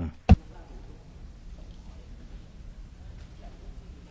magħkom.